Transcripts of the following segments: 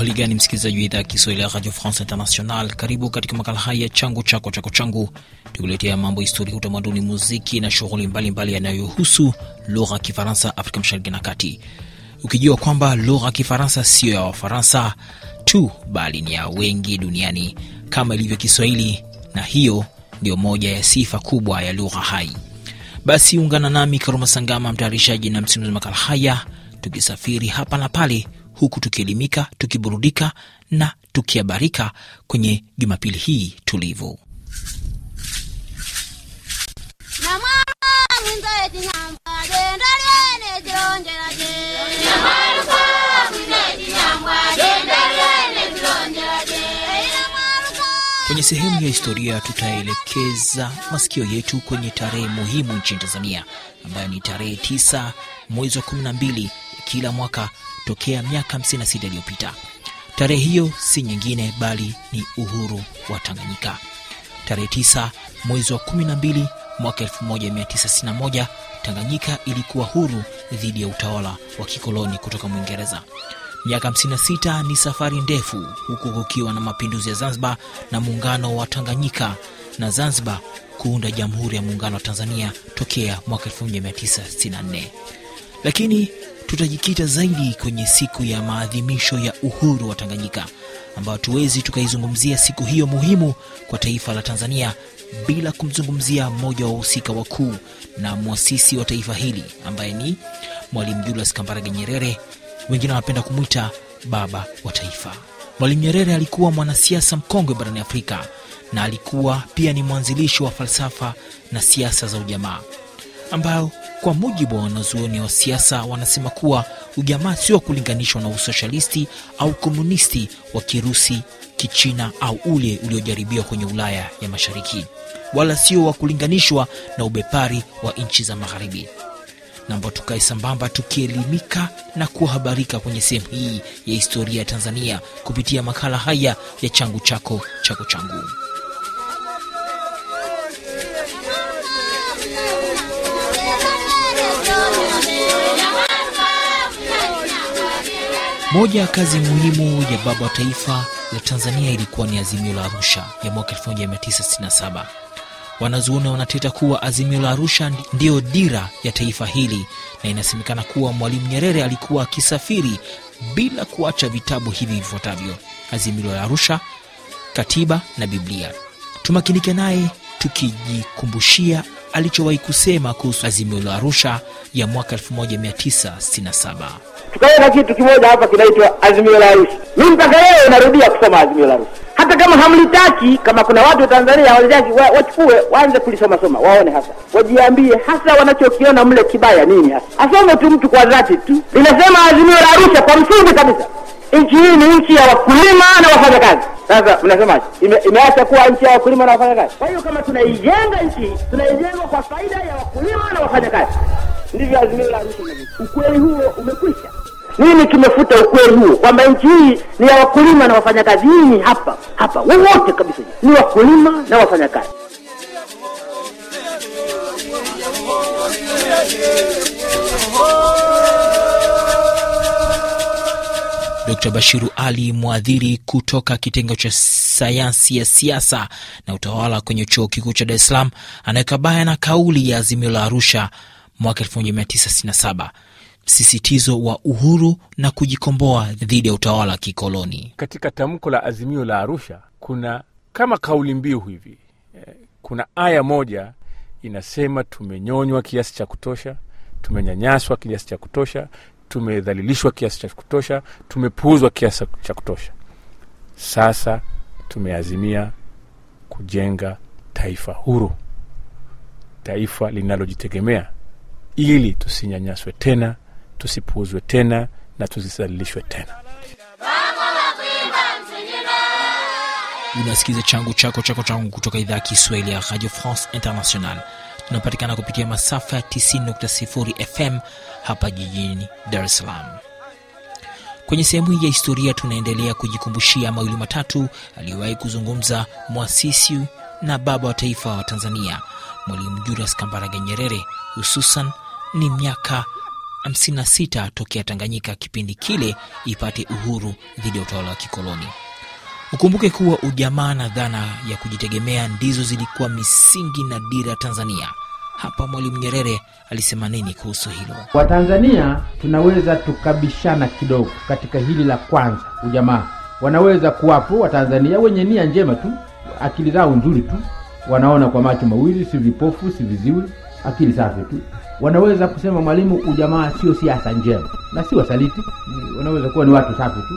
Hali gani msikilizaji wa idhaa ya Kiswahili ya Radio France International, karibu katika makala haya changu chako chako changu, tukuletea mambo historia, utamaduni, muziki na shughuli mbalimbali yanayohusu lugha ya Kifaransa Afrika Mashariki na Kati, ukijua kwamba lugha ya Kifaransa siyo ya Wafaransa tu bali ni ya wengi duniani kama ilivyo Kiswahili, na hiyo ndiyo moja ya sifa kubwa ya lugha hai. Basi ungana nami Karuma Sangama, mtayarishaji na msimuzi makala haya, tukisafiri hapa na pale huku tukielimika, tukiburudika na tukihabarika kwenye Jumapili hii tulivu. Kwenye sehemu ya historia tutaelekeza masikio yetu kwenye tarehe muhimu nchini Tanzania ambayo ni tarehe 9 mwezi wa 12 kila mwaka tokea miaka 56 iliyopita. Tarehe hiyo si nyingine bali ni uhuru wa Tanganyika. Tarehe 9 mwezi wa 12 mwaka 1961 Tanganyika ilikuwa huru dhidi ya utawala wa kikoloni kutoka Mwingereza. Miaka 56 ni safari ndefu, huku kukiwa na mapinduzi ya Zanzibar na muungano wa Tanganyika na Zanzibar kuunda Jamhuri ya Muungano wa Tanzania tokea mwaka 1964. Lakini tutajikita zaidi kwenye siku ya maadhimisho ya uhuru wa Tanganyika, ambayo tuwezi tukaizungumzia siku hiyo muhimu kwa taifa la Tanzania bila kumzungumzia mmoja wa wahusika wakuu na mwasisi wa taifa hili ambaye ni Mwalimu Julius Kambarage Nyerere, wengine wanapenda kumwita baba wa taifa. Mwalimu Nyerere alikuwa mwanasiasa mkongwe barani Afrika na alikuwa pia ni mwanzilishi wa falsafa na siasa za ujamaa ambao kwa mujibu wa wanazuoni wa siasa wanasema kuwa ujamaa sio wa kulinganishwa na usoshalisti au komunisti wa Kirusi, Kichina au ule uliojaribiwa kwenye Ulaya ya Mashariki, wala sio wa kulinganishwa na ubepari wa nchi za Magharibi. namba tukae sambamba tukielimika na kuhabarika kwenye sehemu hii ya historia ya Tanzania kupitia makala haya ya Changu Chako Chako Changu. Moja ya kazi muhimu ya baba wa taifa la Tanzania ilikuwa ni Azimio la Arusha ya mwaka 1967. Wanazuoni wanateta kuwa Azimio la Arusha ndiyo dira ya taifa hili, na inasemekana kuwa Mwalimu Nyerere alikuwa akisafiri bila kuacha vitabu hivi vifuatavyo: Azimio la Arusha, Katiba na Biblia. Tumakinike naye tukijikumbushia alichowahi kusema kuhusu Azimio la Arusha ya mwaka 1967 tukawe na kitu kimoja hapa kinaitwa azimio la Arusha. Mimi mpaka leo narudia kusoma azimio la Arusha, hata kama hamlitaki. Kama kuna watu wa Tanzania hawalitaki, wachukue waanze kulisoma soma, waone hasa, wajiambie hasa wanachokiona mle kibaya nini hasa. Asome tu mtu kwa dhati tu. Linasema azimio la Arusha kwa msingi kabisa, nchi hii ni nchi ya wakulima na wafanyakazi. Sasa mnasemaje? Ime, imeacha kuwa nchi ya wakulima na wafanyakazi. Kwa hiyo kama tunaijenga nchi, tunaijenga kwa faida ya wakulima na wafanyakazi. Ndivyo azimio la Arusha. Ukweli huo umekwisha nini kimefuta ukweli huo kwamba nchi hii ni ya wakulima na wafanyakazi. Hii hapa hapa wowote kabisa ni wakulima na wafanyakazi. Dr. Bashiru Ali mwadhiri kutoka kitengo cha sayansi ya siasa na utawala kwenye chuo kikuu cha Dar es Salaam anaweka baya na kauli ya Azimio la Arusha mwaka 1967 msisitizo wa uhuru na kujikomboa dhidi ya utawala wa kikoloni. Katika tamko la azimio la Arusha kuna kama kauli mbiu hivi, eh, kuna aya moja inasema tumenyonywa kiasi cha kutosha, tumenyanyaswa kiasi cha kutosha, tumedhalilishwa kiasi cha kutosha, tumepuuzwa kiasi cha kutosha. Sasa tumeazimia kujenga taifa huru, taifa linalojitegemea, ili tusinyanyaswe tena tusipuuzwe tena na tusisalilishwe tena. Unasikiza changu chako chako changu kutoka idhaa ya Kiswahili ya Radio France International. Tunapatikana kupitia masafa ya 90.0 FM hapa jijini Dar es Salaam. Kwenye sehemu hii ya historia, tunaendelea kujikumbushia mawili matatu aliyowahi kuzungumza mwasisi na baba wa taifa wa Tanzania, Mwalimu Julius Kambarage Nyerere, hususan ni miaka 56 tokea Tanganyika kipindi kile ipate uhuru dhidi ya utawala wa kikoloni. Ukumbuke kuwa ujamaa na dhana ya kujitegemea ndizo zilikuwa misingi na dira ya Tanzania. Hapa Mwalimu Nyerere alisema nini kuhusu hilo? Watanzania tunaweza tukabishana kidogo katika hili la kwanza, ujamaa. Wanaweza kuwapo Watanzania wenye nia njema tu, akili zao nzuri tu, wanaona kwa macho mawili, si vipofu, si viziwi akili safi tu wanaweza kusema mwalimu, ujamaa sio siasa njema, na si wasaliti, wanaweza kuwa ni watu safi tu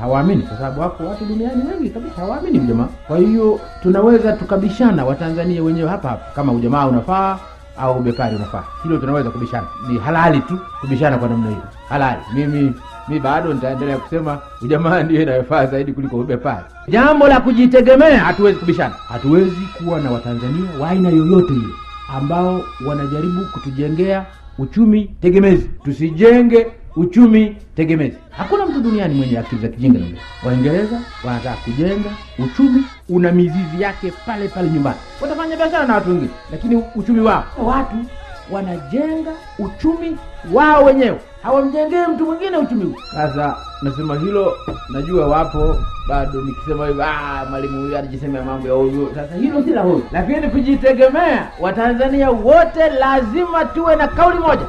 hawaamini kwa sababu hapo watu duniani wengi kabisa hawaamini ujamaa. Kwa hiyo tunaweza tukabishana Watanzania wenyewe hapa hapa kama ujamaa unafaa au ubekari unafaa. Hilo tunaweza kubishana, ni halali tu kubishana kwa namna hiyo, halali. Mimi mi bado nitaendelea kusema ujamaa ndio inayofaa zaidi kuliko ubepari. Jambo la kujitegemea, hatuwezi kubishana, hatuwezi kuwa na Watanzania wa aina yoyote hiyo ambao wanajaribu kutujengea uchumi tegemezi. Tusijenge uchumi tegemezi. Hakuna mtu duniani mwenye akili za kijinga namna. Waingereza wanataka kujenga uchumi una mizizi yake pale pale nyumbani, watafanya biashara na watu wengine, lakini uchumi wao watu wanajenga uchumi wao wenyewe, hawamjengee mtu mwingine uchumi huu. Sasa nasema hilo, najua wapo bado nikisema hivyo, ah, mwalimu huyu anajisemea mambo ya huyu. Sasa hilo si la huyu, lakini kujitegemea, Watanzania wote lazima tuwe na kauli moja.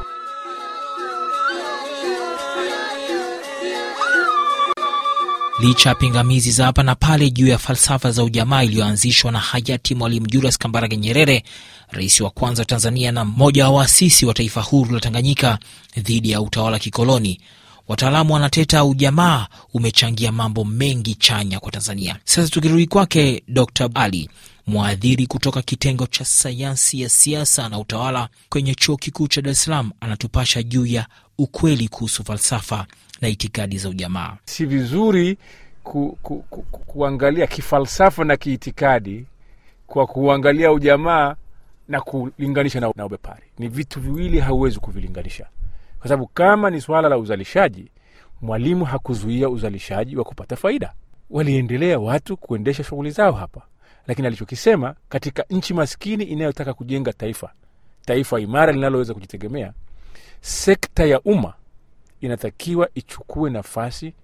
Licha ya pingamizi za hapa na pale juu ya falsafa za ujamaa iliyoanzishwa na hayati Mwalimu Julius Kambarage Nyerere, rais wa kwanza wa Tanzania na mmoja wa waasisi wa taifa huru la Tanganyika dhidi ya utawala kikoloni, wataalamu wanateta ujamaa umechangia mambo mengi chanya kwa Tanzania. Sasa tukirudi kwake Dr. Ali mwadhiri kutoka kitengo cha sayansi ya siasa na utawala kwenye chuo kikuu cha Dar es Salaam anatupasha juu ya ukweli kuhusu falsafa na itikadi za ujamaa. Si vizuri ku, ku, ku, ku, kuangalia kifalsafa na kiitikadi kwa kuangalia ujamaa na kulinganisha na, na ubepari. Ni vitu viwili, hauwezi kuvilinganisha kwa sababu kama ni swala la uzalishaji, Mwalimu hakuzuia uzalishaji wa kupata faida, waliendelea watu kuendesha shughuli zao hapa, lakini alichokisema katika nchi maskini inayotaka kujenga taifa taifa imara linaloweza kujitegemea, sekta ya umma inatakiwa ichukue nafasi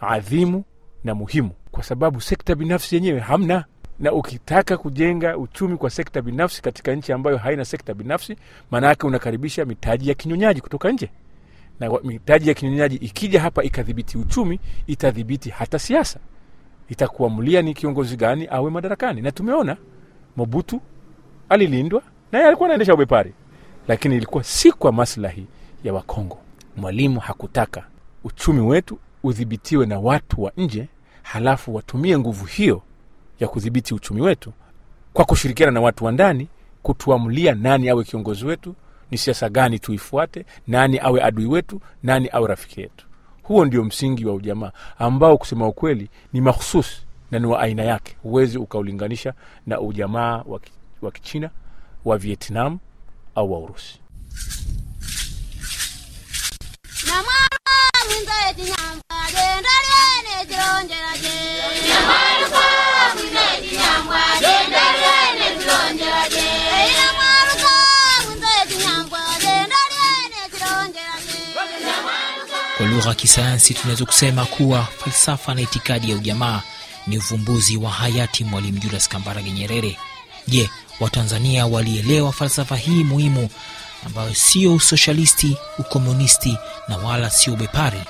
adhimu na muhimu, kwa sababu sekta binafsi yenyewe hamna, na ukitaka kujenga uchumi kwa sekta binafsi katika nchi ambayo haina sekta binafsi, maanake unakaribisha mitaji ya kinyonyaji kutoka nje, na mitaji ya kinyonyaji ikija hapa ikadhibiti uchumi, itadhibiti hata siasa, itakuamulia ni kiongozi gani awe madarakani. Na tumeona Mobutu alilindwa, naye alikuwa anaendesha ubepari, lakini ilikuwa si kwa maslahi ya Wakongo. Mwalimu hakutaka uchumi wetu udhibitiwe na watu wa nje, halafu watumie nguvu hiyo ya kudhibiti uchumi wetu kwa kushirikiana na watu wa ndani kutuamulia nani awe kiongozi wetu, ni siasa gani tuifuate, nani awe adui wetu, nani awe rafiki yetu. Huo ndio msingi wa ujamaa ambao kusema ukweli ni mahususi na ni wa aina yake, huwezi ukaulinganisha na ujamaa wa Kichina, wa Vietnam au wa Urusi. Kwa lugha ya kisayansi tunaweza kusema kuwa falsafa na itikadi ya ujamaa ni uvumbuzi wa hayati Mwalimu Julius Kambarage Nyerere. Je, Watanzania walielewa falsafa hii muhimu ambayo sio usoshalisti, ukomunisti na wala sio ubepari.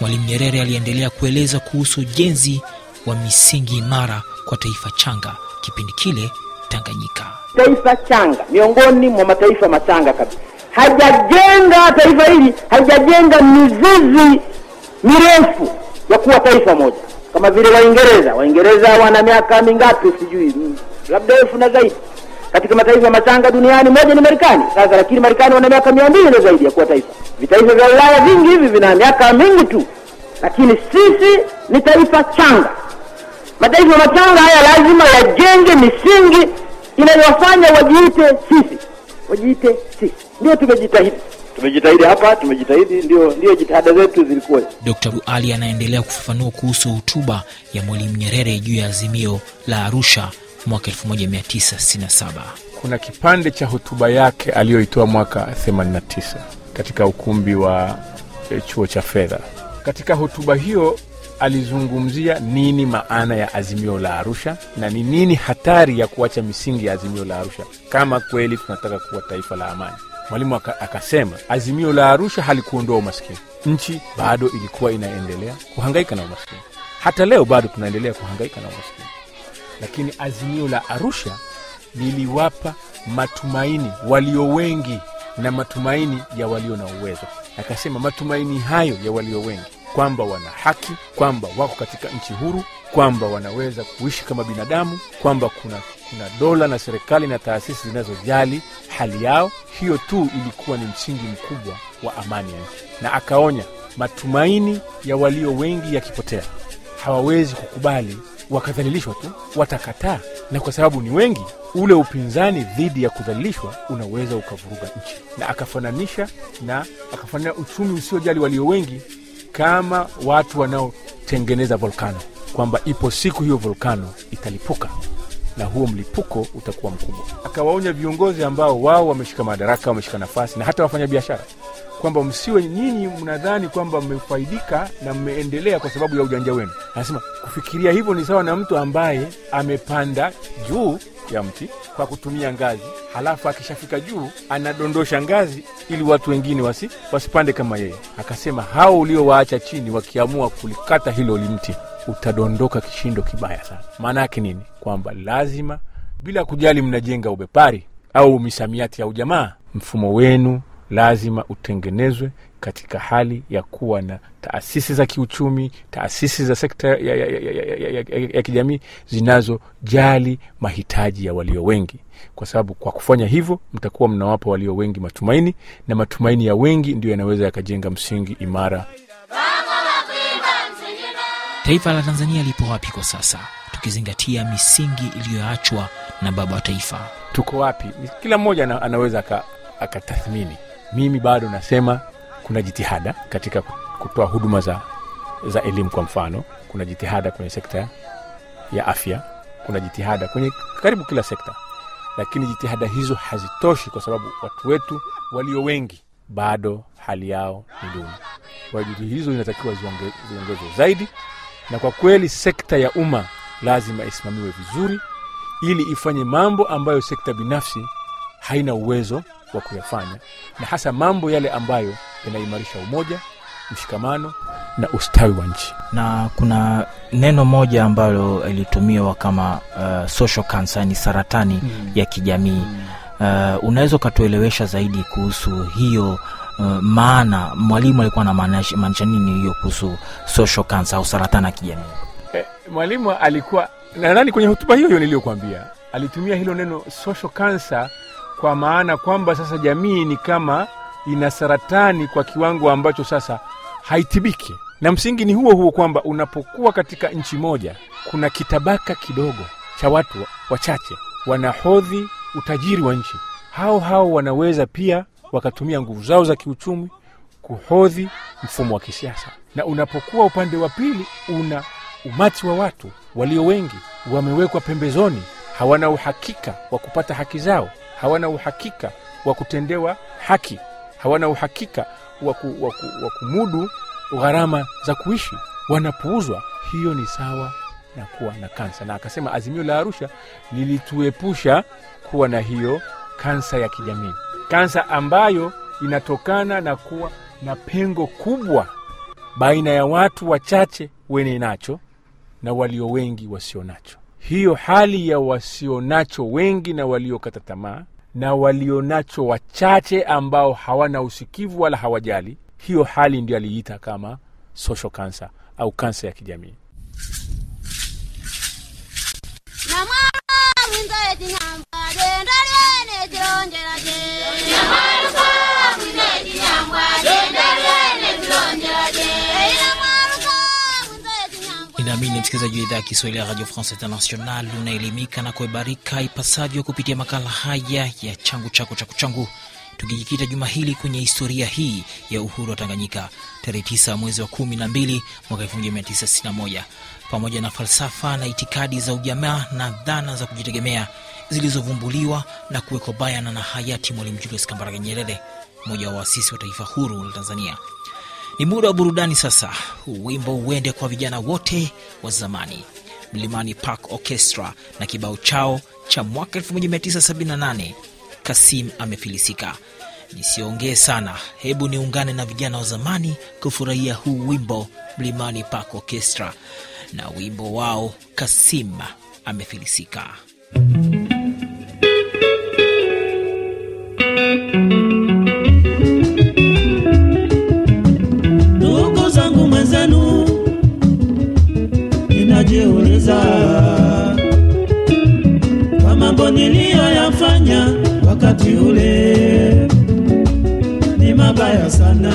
Mwalimu Nyerere aliendelea kueleza kuhusu ujenzi wa misingi imara kwa taifa changa, kipindi kile Tanganyika. Taifa changa miongoni mwa mataifa machanga kabisa, hajajenga taifa hili, hajajenga mizizi mirefu ya kuwa taifa moja kama vile Waingereza. Waingereza wana miaka mingapi? Sijui, labda elfu na zaidi katika mataifa machanga duniani, moja ni Marekani. Sasa lakini Marekani wana miaka 200 na zaidi ya kuwa taifa. Vitaifa vya Ulaya vingi hivi vina miaka mingi tu, lakini sisi ni taifa changa. Mataifa machanga haya lazima yajenge misingi inayowafanya wajiite sisi, wajiite sisi. Ndio tumejitahidi tumejitahidi hapa, tumejitahidi, ndio ndio jitihada zetu zilikuwa. Dr. Ali anaendelea kufafanua kuhusu hotuba ya Mwalimu Nyerere juu ya azimio la Arusha mwaka 1967. Kuna kipande cha hotuba yake aliyoitoa mwaka 89 katika ukumbi wa eh, chuo cha fedha. Katika hotuba hiyo alizungumzia nini maana ya azimio la Arusha na ni nini hatari ya kuacha misingi ya azimio la Arusha kama kweli tunataka kuwa taifa la amani. Mwalimu akasema azimio la Arusha halikuondoa umaskini. Nchi bado ilikuwa inaendelea kuhangaika na umaskini, hata leo bado tunaendelea kuhangaika na umaskini lakini azimio la Arusha liliwapa matumaini walio wengi na matumaini ya walio na uwezo. Akasema matumaini hayo ya walio wengi kwamba wana haki, kwamba wako katika nchi huru, kwamba wanaweza kuishi kama binadamu, kwamba kuna, kuna dola na serikali na taasisi zinazojali hali yao. Hiyo tu ilikuwa ni msingi mkubwa wa amani ya nchi, na akaonya matumaini ya walio wengi yakipotea, hawawezi kukubali wakadhalilishwa tu, watakataa. Na kwa sababu ni wengi, ule upinzani dhidi ya kudhalilishwa unaweza ukavuruga nchi, na akafananisha na akafanana uchumi usiojali walio wengi kama watu wanaotengeneza volkano, kwamba ipo siku hiyo volkano italipuka na huo mlipuko utakuwa mkubwa. Akawaonya viongozi ambao wao wameshika madaraka, wameshika nafasi na hata wafanya biashara kwamba msiwe nyinyi mnadhani kwamba mmefaidika na mmeendelea kwa sababu ya ujanja wenu. Anasema kufikiria hivyo ni sawa na mtu ambaye amepanda juu ya mti kwa kutumia ngazi, halafu akishafika juu anadondosha ngazi ili watu wengine wasi, wasipande kama yeye. Akasema hao uliowaacha chini wakiamua kulikata hilo limti, utadondoka kishindo kibaya sana. Maana yake nini? Kwamba lazima bila kujali mnajenga ubepari au misamiati ya ujamaa, mfumo wenu lazima utengenezwe katika hali ya kuwa na taasisi za kiuchumi, taasisi za sekta ya, ya, ya, ya, ya, ya, ya kijamii zinazojali mahitaji ya walio wengi, kwa sababu kwa kufanya hivyo mtakuwa mnawapa walio wengi matumaini, na matumaini ya wengi ndio yanaweza yakajenga msingi imara. Taifa la Tanzania lipo wapi kwa sasa, tukizingatia misingi iliyoachwa na baba wa taifa? Tuko wapi? Kila mmoja anaweza akatathmini aka mimi bado nasema kuna jitihada katika kutoa huduma za, za elimu kwa mfano kuna jitihada kwenye sekta ya afya kuna jitihada kwenye karibu kila sekta lakini jitihada hizo hazitoshi kwa sababu watu wetu walio wengi bado hali yao ni duni kwa juhudi hizo zinatakiwa ziongezwe zaidi na kwa kweli sekta ya umma lazima isimamiwe vizuri ili ifanye mambo ambayo sekta binafsi haina uwezo wa kuyafanya na hasa mambo yale ambayo yanaimarisha umoja mshikamano na ustawi wa nchi na kuna neno moja ambalo ilitumiwa kama uh, social cancer ni saratani mm. ya kijamii mm. uh, unaweza ukatuelewesha zaidi kuhusu hiyo uh, maana mwalimu alikuwa anamaanisha nini hiyo kuhusu social cancer au saratani ya kijamii eh, mwalimu alikuwa nadhani kwenye hotuba hiyo hiyo niliyokwambia alitumia hilo neno social cancer kwa maana kwamba sasa jamii ni kama ina saratani kwa kiwango ambacho sasa haitibiki na msingi ni huo huo kwamba unapokuwa katika nchi moja kuna kitabaka kidogo cha watu wachache wanahodhi utajiri wa nchi hao hao wanaweza pia wakatumia nguvu zao za kiuchumi kuhodhi mfumo wa kisiasa na unapokuwa upande wa pili una umati wa watu walio wengi wamewekwa pembezoni hawana uhakika wa kupata haki zao hawana uhakika wa kutendewa haki, hawana uhakika wa kumudu gharama za kuishi, wanapuuzwa. Hiyo ni sawa na kuwa na kansa. Na akasema azimio la Arusha lilituepusha kuwa na hiyo kansa ya kijamii, kansa ambayo inatokana na kuwa na pengo kubwa baina ya watu wachache wenye nacho na walio wengi wasio nacho. Hiyo hali ya wasio nacho wengi na waliokata tamaa na walionacho wachache ambao hawana usikivu wala hawajali. Hiyo hali ndio aliita kama social cancer au kansa ya kijamii. msikilizaji wa idhaa ya Kiswahili ya Radio France International, unaelimika na kuibarika ipasavyo kupitia makala haya ya changu chako chako changu, tukijikita juma hili kwenye historia hii ya uhuru wa Tanganyika tarehe 9 mwezi wa 12 mwaka 1961, pamoja na falsafa na itikadi za ujamaa na dhana za kujitegemea zilizovumbuliwa na kuwekwa bayana na hayati Mwalimu Julius Kambarage Nyerere, mmoja wa waasisi wa taifa huru la Tanzania. Ni muda wa burudani sasa. Wimbo uende kwa vijana wote wa zamani, Mlimani Park Orchestra na kibao chao cha mwaka 1978 Kasim amefilisika. Nisiongee sana, hebu niungane na vijana wa zamani kufurahia huu wimbo Mlimani Park Orchestra na wimbo wao Kasim amefilisika. niliyoyafanya wakati ule ni mabaya sana.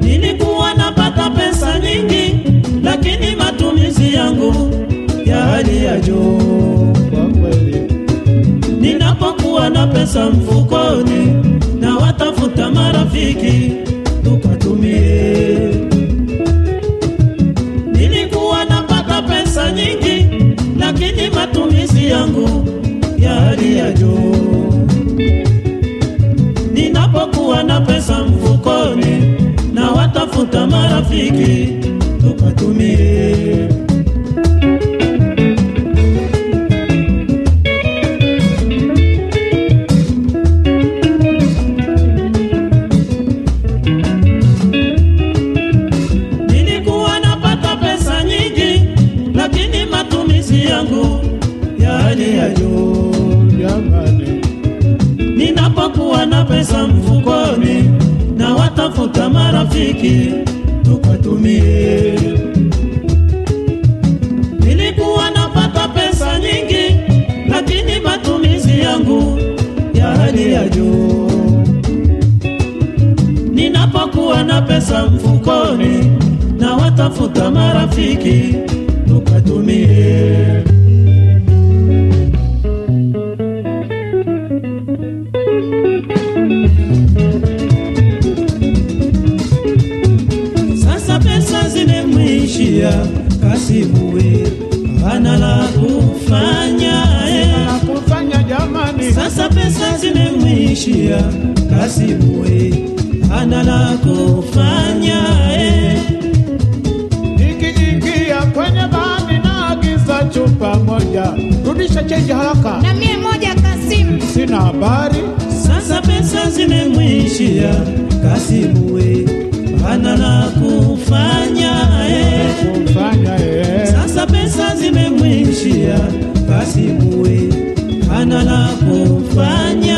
Nilikuwa napata pesa nyingi, lakini matumizi yangu ya hali ya juu Ninapokuwa na pesa mfukoni, na watafuta marafiki hiki tukatumie. Nilikuwa napata pesa nyingi, lakini matumizi yangu ya hali ya juu. Ninapokuwa na pesa mfukoni, na watafuta marafiki tukatumie. kukufikishia kasibuwe hana la kufanya eh. sasa pesa zimemwishia kasibuwe hana la kufanya nikiingia eh. kwenye bani agiza chupa moja rudisha chenji haraka na mie moja kasimu sina habari sasa pesa zimemwishia kasibuwe Bwana la kufanya eh. Eh. sasa pesa zimemwishia, basi muwe Bwana na kufanya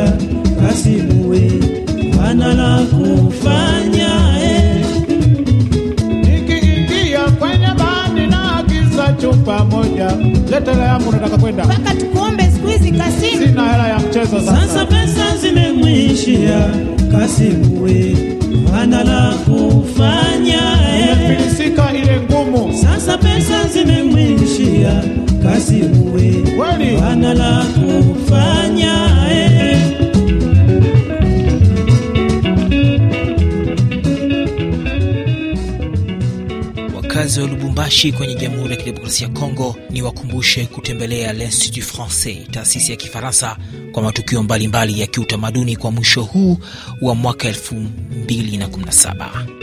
moja kasimuwe ana la kufanya eh. Nikiingia kwenye bani na agiza chupa moja, leta hela yangu, nataka kwenda mpaka tukuombe siku hizi kasini, sina hela ya mchezo sasa. Sasa pesa zimemwishia, kasimuwe ana la kufanya eh. ile ngumu, sasa pesa zimemwishia, kasimuwe ana la kufanya wakazi wa Lubumbashi kwenye Jamhuri ya Kidemokrasia ya Kongo ni wakumbushe kutembelea l'Institut Francais, taasisi ya Kifaransa kwa matukio mbalimbali mbali ya kiutamaduni kwa mwisho huu wa mwaka 2017.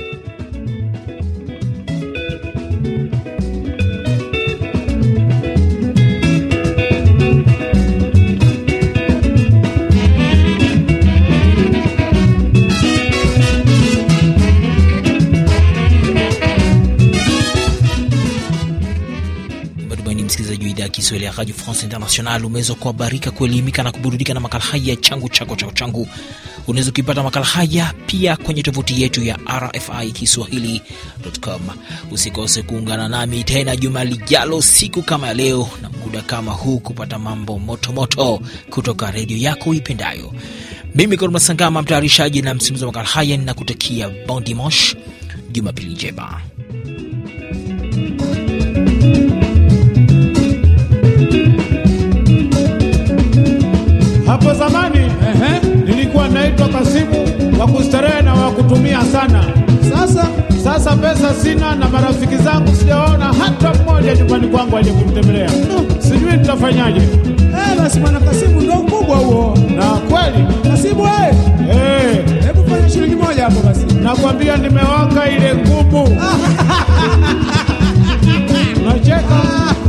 Radio France International umeweza kuhabarika, kuelimika na kuburudika na makala haya changu chako chako changu. Unaweza kuipata makala haya pia kwenye tovuti yetu ya RFI Kiswahili.com. Usikose kuungana nami tena juma lijalo, siku kama ya leo na muda kama huu, kupata mambo motomoto moto kutoka redio yako ipendayo. Mimi Koruma Sangama, mtayarishaji na msimuzi wa makala haya, ninakutakia bondimosh dimanche, jumapili njema. Hapo zamani ehe, nilikuwa naitwa kasibu wa kustarehe na wa kutumia sana. Sasa sasa pesa sina na marafiki zangu sijaona hata mmoja nyumbani kwangu aje kunitembelea. No. Hmm. Sijui nitafanyaje. Eh, basi mwana kasibu ndio mkubwa huo. Na kweli kasibu eh, Eh. Hebu fanya shilingi moja hapo basi. Nakwambia nimewaka ile ngumu. Ah. Unacheka?